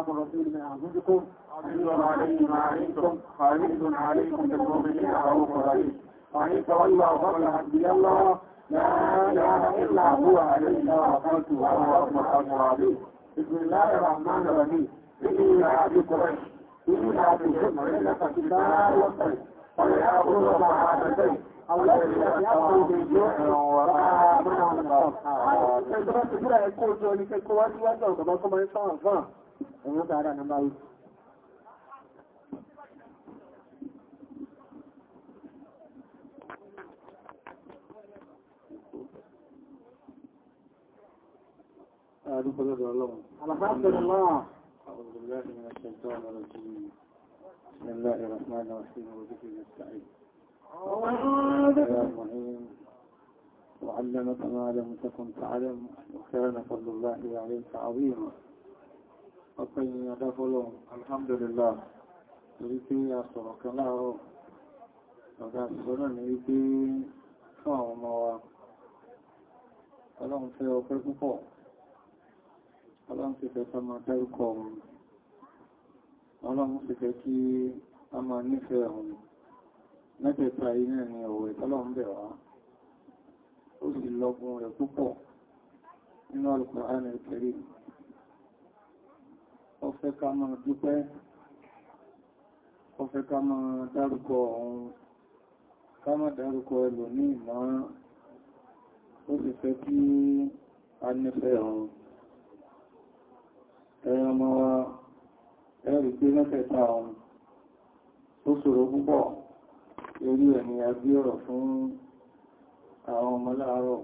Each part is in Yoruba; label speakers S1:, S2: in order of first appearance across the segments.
S1: أصحاب الرسول من أنفسكم عزيز عليكم عليكم حريص عليكم بالمؤمنين رؤوف رحيم وإن تولوا فقل حسبي الله لا إله إلا هو علينا وكلت وهو أصبح العظيم بسم الله الرحمن الرحيم إني لعبد قريش إني لعبد الحكم إنك كتاب والطيب وليأكل طعامتين الذي يأكل بالجوع وطعامنا من الصبح. Ano tara ng
S2: أعوذ بالله من الشيطان الرجيم بسم الله الرحمن الرحيم وذكر نستعين الرحيم وعلمك ما لم تكن تعلم وكان فضل الله عليك عظيما ọpẹ́ yìí adáfọ́lọ́ alhamdulillah torí pé a sọ̀rọ̀ kan láàárọ̀ ọ̀gá ìṣọ́nà ní wípé fún àwọn ọmọ wa ọlọ́run fẹ́ ọpẹ́ púpọ̀ ọlọ́run ti fẹ́ sọmọ dárúkọ ọ̀run ọlọ́run ti fẹ́ kí a máa nífẹ̀ẹ́ ọ̀run mẹ́tẹ̀ẹ̀ta iná ni ọ̀wẹ̀ tọ́lọ́run bẹ̀ wá ó sì lọ́gun rẹ̀ púpọ̀ nínú Al-Qur'an ọfẹ́ ká máa dúpẹ́ ọfẹ́ ká máa dárúkọ ọ̀hún ká máa dárúkọ ẹlò ní ìmọ̀ ó sì fẹ́ kí a nífẹ́ ọ̀hún ẹran mọ́ ẹ̀rì pé mẹ́fẹ̀ẹ́ta ọ̀hún ó ṣòro púpọ̀ lórí ẹ̀mí agbé ọ̀rọ̀ fún àwọn ọmọ láàárọ̀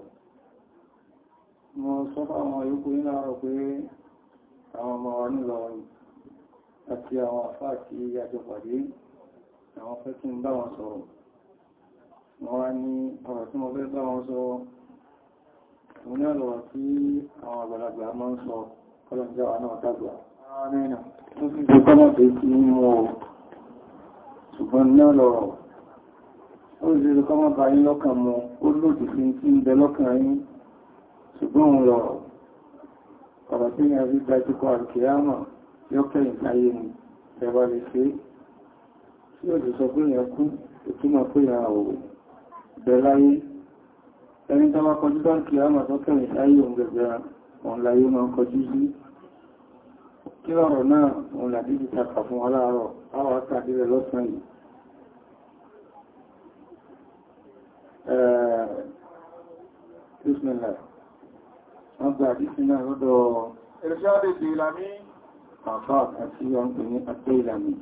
S2: mo sọ fáwọn yòókù ní láàárọ̀ pé àwọn ọmọ wa nílọrin àti àwọn àfáà tí yàjọ pàdé àwọn fẹ́ kí n bá wọn sọ̀rọ̀ wọ́n wá ní ọ̀rọ̀ tí mo fẹ́ bá wọn sọ mo ní ọ̀rọ̀ tí àwọn àgbàlagbà máa ń sọ kọlọ̀njẹ́ wa náà dàgbà ṣùgbọ́n ní ọ̀rọ̀ ó sì tó kọ́mọ̀ bá yín lọ́kàn mọ́ ó lòdì sí ń bẹ lọ́kàn yín ṣùgbọ́n òun ọ̀rọ̀ tí yẹn rí dájú kọ́ alkiyama yóò kẹ́yìn láyé ni ẹwà lè ṣe tí ó lè sọ pé yẹn kú ìtumọ̀ pé yẹn àwòrò bẹ̀ láyé ẹni tó bá kọjú bá alkiyama tó kẹ́yìn láyé òun gẹ̀gẹ̀ òun láyé máa ń kọjú sí kí ọ̀rọ̀ náà òun làdí ti takà fún aláàárọ̀ àwọn akàdé rẹ̀ lọ́sàn yìí Bismillah wọ́n gba àdísí náà lọ́dọ̀
S1: irṣádì ìlàmí
S2: àfáà àti wọ́n pè ní àtẹ́ ìlàmí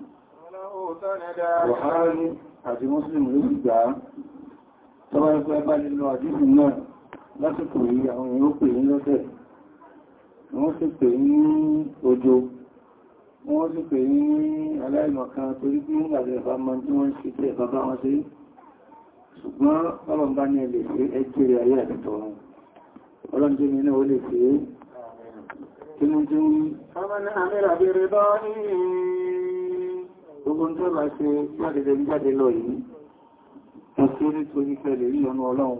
S2: Buhari àti Muslim ló sì gbà tọ́wọ́ ẹgbẹ́ bá nílò àdísí náà lásìkò yìí àwọn èèyàn pè ní lọ́tẹ̀ wọ́n sì pè ní ojo wọ́n sì pè ní aláìmọ̀kan torí bí wọ́n gbàgbẹ̀ bá mọ́ tí wọ́n ṣe tẹ́ bàbá wọn ọlọ́njẹ́ mi náà ó lè pé kí mú tí ó rí gbogbo tó bá ṣe jáde jáde lọ yìí wọ́n tí ó rí torí pẹ̀lẹ̀ rí ọ̀nà ọlọ́run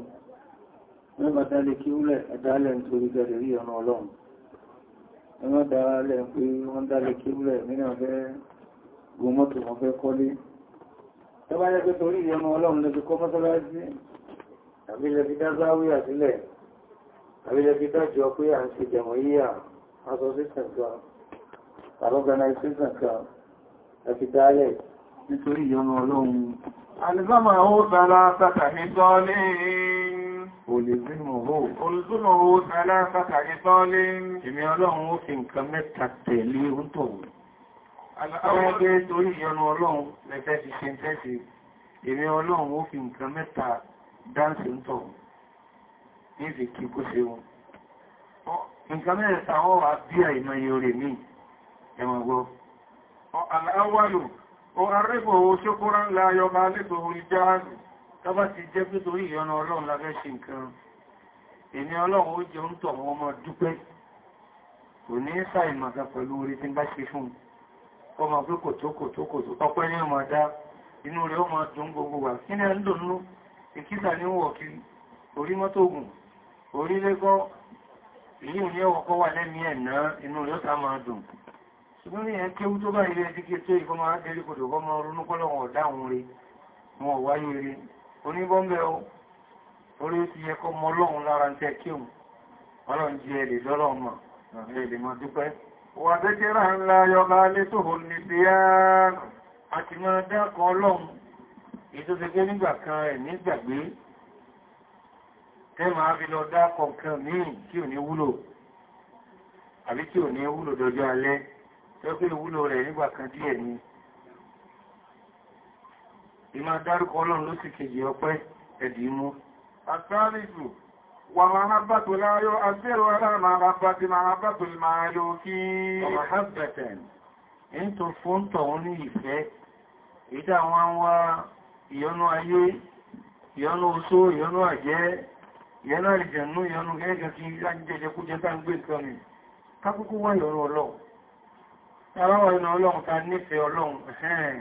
S2: mẹ́bà dálẹ̀ kí ó lẹ̀ ẹ̀dálẹ̀ nítorí pẹ̀lẹ̀ rí ọ̀nà ọlọ́run ẹmọ́ dálẹ̀ pé wọ́n dálẹ̀ kí ó lẹ̀ mínà fẹ́ gbọmọ́tò wọ́n fẹ́ àbílẹ̀bí dájọ́ pé à ń ṣe jẹmọ̀ yíyà association kan organization kan àti dálẹ̀ nítorí ìyọnu ọlọ́run alìsọ́mà ó àwọn ẹgbẹ́ torí ìyọnu ọlọ́run lẹ́fẹ́ ti ṣe ń tẹ́sì ìmì ọlọ́run ó fi nǹkan mẹ́ta dáńsì ń tọ̀wọ̀ ní fi kí kó ṣe wọn nǹkan mẹ́rin tàwọn wà bí àìmọ̀ yorì ní ẹmọ̀gbọ́ aláwọ̀lù o arẹ́gbọ̀ owó ṣókúrá ńlá yọba alẹ́gbọ̀ orí jáàrù tọ́bá ti jẹ́ pé torí ìyọnu ọlọ́run la fẹ́ ṣe nǹkan èmi ọlọ́run ó jẹ ń tọ̀ wọn mọ́ dúpẹ́ kò ní sàìmọ̀gá pẹ̀lú orí tí ń bá ṣe fún ọmọ pé kòtó kòtó kòtó ọpẹ́ ní ọmọ dá inú rẹ̀ ó máa dùn gbogbo wà kí ni à ń dùn nú ìkísà ní wọ̀ orí mọ́tò orílẹ̀-gọ́ èyí ní ọkọ̀ wà lẹ́mí ẹ̀nà inú yóò tá máa dùn ṣùgbọ́n ní ẹ̀ kéwú tó bá ilé ẹ̀díkẹ́ tó ìkọ́ máa dẹ̀rí kòdò kọ́ máa ronú kọ́lọ̀wọ̀n ọ̀dáhùn rí wọn wáyé rí oníbọ́m̀bẹ̀ orí ti yẹ kọ́ mọ́ lọ́hun lára tẹ́ kéwù ọlọ́run jẹ́ ẹ̀lẹ̀ lọ́lọ́mọ̀ ẹ̀lẹ̀ mọ́ dúpẹ́ wà bẹ́jẹ́rà ńlá yọba alẹ́ tó hò ní sí àti máa dákọ̀ ọlọ́run nígbà kan ẹ̀ nígbàgbé tẹ́ máa fi lọ dá kọ̀ọ̀kan míì tí ò ní wúlò àbí tí ò ní wúlò dọjọ́ alẹ́ tẹ́ pé ìwúlò rẹ̀ nígbà kan díẹ̀ ni ìmá dárúkọ ọlọ́run ló sì kejì ọpẹ́ ẹ̀dì mú ìyọnú ayé ìyọnú oṣó ìyọnú àjẹ́ yẹ́lá ìjẹ̀nú ìyọnu gẹ́gẹ́ ti lájẹ́jẹ́ kú jẹ́ tán gbé ìtọ́ ni kákúkú wá ìrọ̀ ọlọ́run tàbáwà iná ọlọ́run ta nífẹ̀ẹ́ ọlọ́run ẹ̀hẹ́n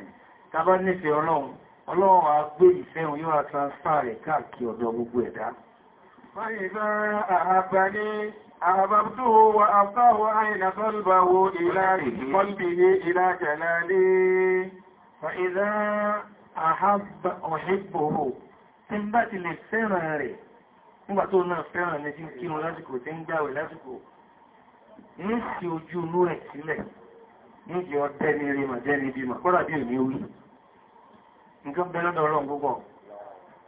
S2: tàbá nífẹ̀ẹ́ ọlọ́run ọlọ́run a gbé ìfẹ́ òun yóò transfer rẹ̀ káàkiri ọ̀dọ̀
S1: إلى قلبه
S2: إلى جلاله فإذا أحب أحبه تنبت للسمر nígbà tó náà fẹ́ràn ní sí kírun lásìkò tí ń gbàwẹ̀ lásìkò ní sí ojú inú rẹ̀ sílẹ̀ ní jẹ́ ọdẹ́ ní rí mà jẹ́ níbi mà kọ́rà bí ò ní orí nǹkan bẹ lọ́dọ̀ ọlọ́run púpọ̀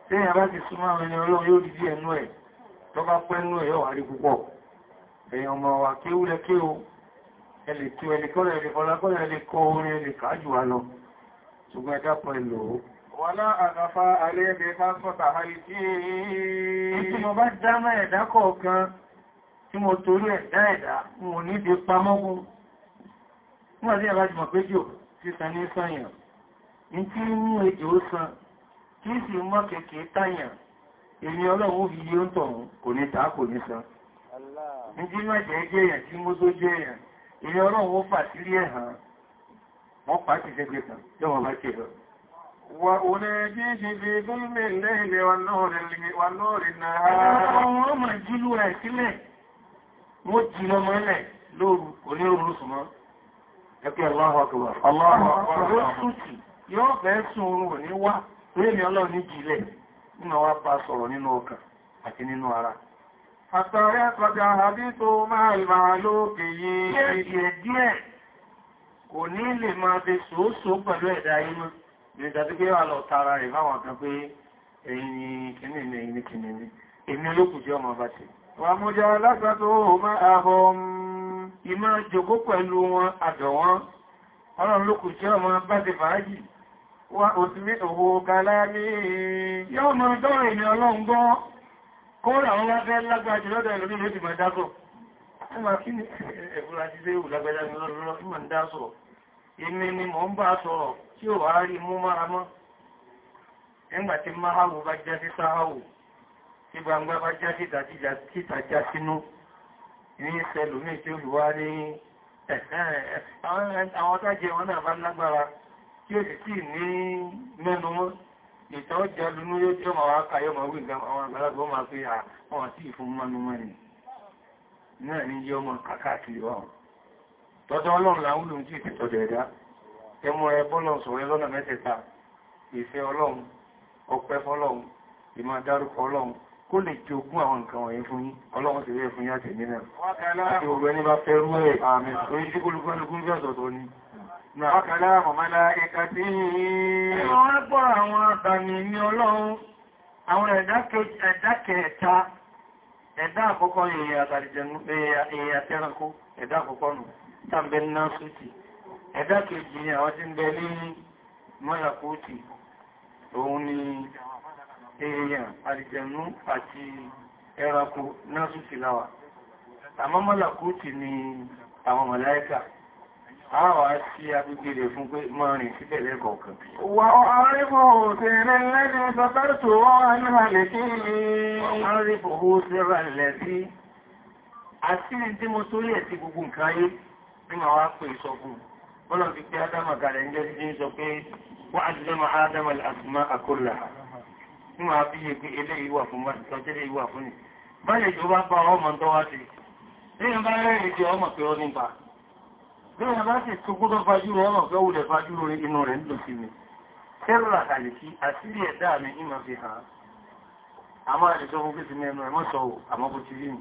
S2: tẹ́yìn bá ti súnmọ́ àwọn ẹni ọlọ́run yóò dìdí ẹnu ẹ̀ tó bá pẹ́ nú ẹ̀ yóò wà rí púpọ̀ ẹ̀yìn ọmọ wa kéwúlẹ̀ kéwú ẹlẹ́tú ẹlẹ́kọ́lẹ̀ ẹlẹ́kọ́lẹ̀ ẹlẹ́kọ́ orin ẹlẹ́kàájù wa lọ ṣùgbọ́n ẹ̀dápọ̀ ẹlòó
S1: Wọ́lá àgbàfà alẹ́bẹ̀ fásọ́ta àìkí. Tí mo bá dámọ́ ẹ̀dá
S2: kọ̀ọ̀kan tí mo torí ẹ̀dá ẹ̀dá, mo ní bí pamọ́gún. Wọ́n àti ẹ̀bá jùmọ̀ pé jò sí san ní sanyàn. Ní tí mú ejò ó san, kí sì mọ́ kèkè tàyàn, èmi ọlọ́run ó fi yí ó ń tọ̀run, kò ní tàá kò ní san. Ní tí mọ́ jẹ́ jẹ́ èèyàn ẹ̀hàn, wọ́n pàá ti ṣe gbé kan, bá ti rọ̀. وأناجيه في ظلم الليل والنور والنور النهار وما جلوا كله مجلوا ملك لور ونور الرسمة يقول
S1: الله أكبر الله أكبر
S2: yóò fẹ́ sùn oòrùn ní wá lẹ́mí ọlọ́run ní jìlẹ̀ nínú wá bá sọ̀rọ̀ nínú ọkàn àti nínú ara àtàrí àtàjà àbí tó máa ìmàrà ní ìdájú pé wà lọ tara rẹ̀ fáwọn kan pé èyí ni kìíní ní èyí ni kìíní ní èmi olókùn tí ọmọ bá ti wà mú jẹ́ alágbàtò ọmọ ahọ́ ìmọ̀ jòkó pẹ̀lú wọn àjọ wọn ọlọ́run lókùn tí ọmọ bá ti fàájì wà òsìmí òwò kalámi yóò mọ̀ dọ́rọ̀ ìní ọlọ́run gbọ́ kó rà wọn wá fẹ́ lágbàjì lọ́dọ̀ ẹ̀lú ní lóti máa dákọ̀ Èmi ni ń bá sọ̀rọ̀, tí ò wá rí mú mára mọ́ ẹgbàtí máhàwò bá já sí sáhàwò tí gbangba bá já sí ìtàjá sínú ní sẹlùmí tí ó wá ní àwọn tájẹ wọn náà bá lágbára tí ó sì tí ní mẹ́nu wọn ìtàn ọjà lúnú yóò jọ ma wá káyọ ma wí ìgbàm àwọn tọ́jọ́ ọlọ́run láwúlò tí ìtẹ̀tọ̀ dẹ̀dá ẹmúra ẹbọ́lọ́n sọ̀rọ̀ lọ́nà mẹ́tẹ̀ẹ̀ta ìfẹ́ ọlọ́run ọpẹ́ fọ́lọ́run ìmọ̀ dárúkọ ọlọ́run kó lè jogún àwọn nǹkan wọ̀nyí fún yín ọlọ́run ti rẹ̀ fún yín àti ìmìnà àti òwúrẹ́ ní bá fẹ́ rú ẹ̀ àmì orí tí kólúkọ́lùkún bí ọ̀tọ̀ọ̀tọ̀ ni Ọkàlá àmọ̀mọ́lá ẹka tí yìí. Wọ́n á gbọ́ àwọn àbàmì ní ọlọ́run, àwọn ẹ̀dá kẹta, ẹ̀dá àkọ́kọ́ èèyàn àtàlìjẹ̀nú, èèyàn àtẹ́ranko, ẹ̀dá àkọ́kọ́ nù, tàbí náà sùtì ẹ̀dá kejì ni àwọn tí ń bẹ ní mọ́làkóòtì òun ni èèyàn àlìjẹ̀nú àti ẹranko náà sùn sí àmọ́ mọ́làkóòtì ni àwọn màláíkà àwà sí agbègbè rẹ̀ fún pé máa rìn síbẹ̀ lẹ́kọ̀ọ̀kan.
S1: Wà ọ̀rẹ́bò òṣèrè lẹ́dí sọ́tọ́rọ̀tò wọ́n hàlẹ̀ sí ní ọ̀rẹ́bò òṣèrè lẹ́ sí
S2: àti ọlọ́run ti pé ádámà kalẹ̀ ń jẹ́ sí ń sọ pé wọ́n àdìlẹ́mọ̀ ádámà àsùnmọ́ àkọlà fún àbíyè pé eléyìí wà fún ìtọ́jẹ́lẹ̀ ìwà fún ni báyẹ̀ tó bá bá ọmọ tó wá sí lẹ́yìn bá rẹ̀rìn jẹ ọmọ pé ó nípa lẹ́yìn bá sì tó gbọ́dọ̀ fajúrò ọmọ pé ó lẹ̀ fajúrò inú rẹ̀ nílò sí mi kẹ́rọ̀lá kàlẹ̀ sí kí sí mẹ́nu ẹ̀mọ́ sọ àmọ́ bó ti rí mi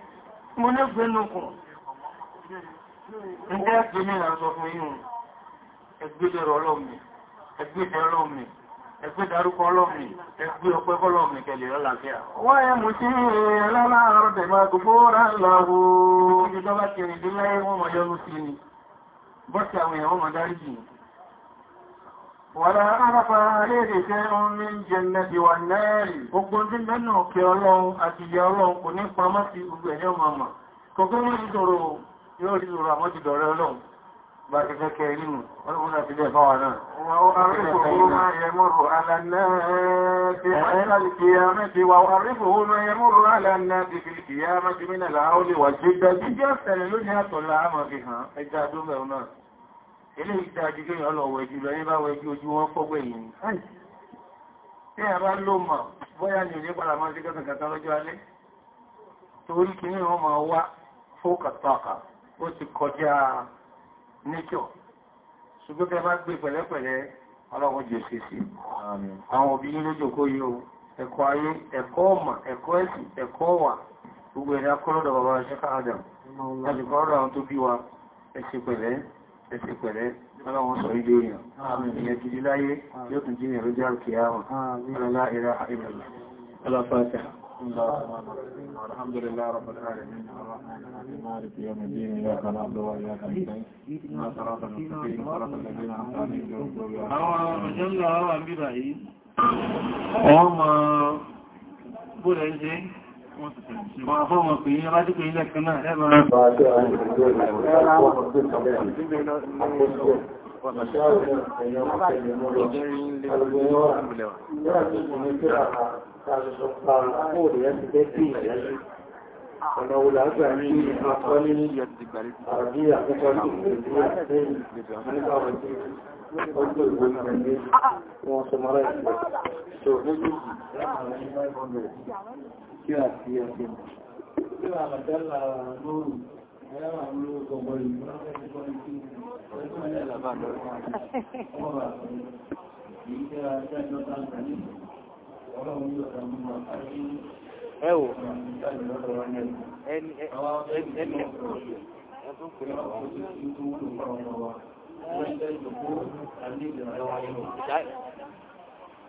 S2: mo ní gbẹ́nukùn ǹdẹ́ ẹgbẹ́ ní ìlànà sọ fún yíò ẹgbẹ́dẹ̀rọ ọlọ́mì ẹgbẹ́dẹ̀ ọlọ́mì ẹgbẹ́ darúkọ ọlọ́mì ẹgbẹ́ ọpẹ́ ọlọ́mì kẹlẹ̀ lọ́làfíà
S1: wọ́n yẹ mú sí ẹlọ́lá àrọ́dẹ̀ máa gbogbo rà láwó
S2: ìjọba kẹrìndínláyé wọ́n mọ̀ yọ́nú sí ni bọ́sí àwọn Wàlá aráfàá léèrè jẹ́ omi jẹ́nẹ́bí wà náàrí. Ogun tí mẹ́nà kẹ ọlọ́run àti ìyà ọlọ́run kò ní pamọ́ sí gbogbo ẹ̀yọ́ màmà. Kọ̀kọ́ wọ́n ti dọ̀rọ̀ yóò rí ìrọ̀ àmọ́ ti dọ̀rẹ́ naa. Bá ti fẹ́ kẹ nínú, ọlọ́run àti ilẹ̀ fáwà náà. Wà ó arífòó máa
S1: yẹ mọ́rọ̀ alànà
S2: ti ilé ìta àjíjẹ́ ìyàn lọ wẹ̀jú lọ ní bá wẹ̀jú ojú wọn fọ́gbẹ̀ yìí tí a bá ló mọ̀ bóyá ní ilé padà máa sí kẹtàkàtà lọ́jọ́ alẹ́ torí kí ní wọ́n máa wá fókàtàkà ó ti kọjá níkọ̀ ṣùgbọ́n tẹ bá gbé pẹ̀lẹ́pẹ̀lẹ́ ọlọ́run jù sí sí àwọn òbí ló jòkó yìí o ẹ̀kọ́ ayé ẹ̀kọ́ ọmọ ẹ̀kọ́ ẹ̀sìn ẹ̀kọ́ wà gbogbo ẹ̀dá kọ́lọ́dọ̀ bàbá ṣẹ́kà adam láti kọ́lọ́dọ̀ àwọn tó bí wa ẹ̀sìn ẹ̀sẹ̀ pẹ̀lẹ́ ọlọ́run sọ ilé èèyàn ìyẹn gidi láyé yóò tún jíyàn lójú àrùkìyàwó ọlọ́lá ìrà ìrìnlẹ̀ ọlọ́fàájá الحمد لله رب العالمين الرحمن الرحيم مالك يوم الدين اياك نعبد واياك نستعين ما صراط المستقيم صراط الذين انعمت عليهم غير المغضوب عليهم àwọn àjọ́lá àwọn àbíbà yìí Wọ́n fọ́ wọn pè é, ọba tí pè
S1: kí a fi ọ̀pọ̀.
S2: Kí a bàtẹ́lá lóòrùn, ẹ̀yàwà ń ló gbogbo ìlú ẹni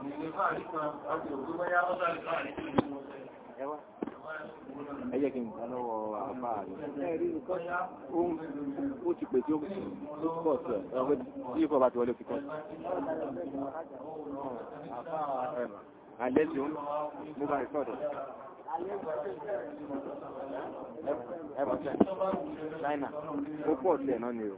S2: ẹ kí n bá lọ́wọ́ àpá rẹ̀ ó ti pè tí ó pọ̀ sí ọ̀pẹ́ tí ìfọ̀ bá ti wọlé fíkọ́ àlẹ́jọ́ mú bá ìfọ̀dọ̀
S1: ẹ̀bọ̀ tẹ́ ṣáínà ó pọ̀ sí ẹ̀ náà ni o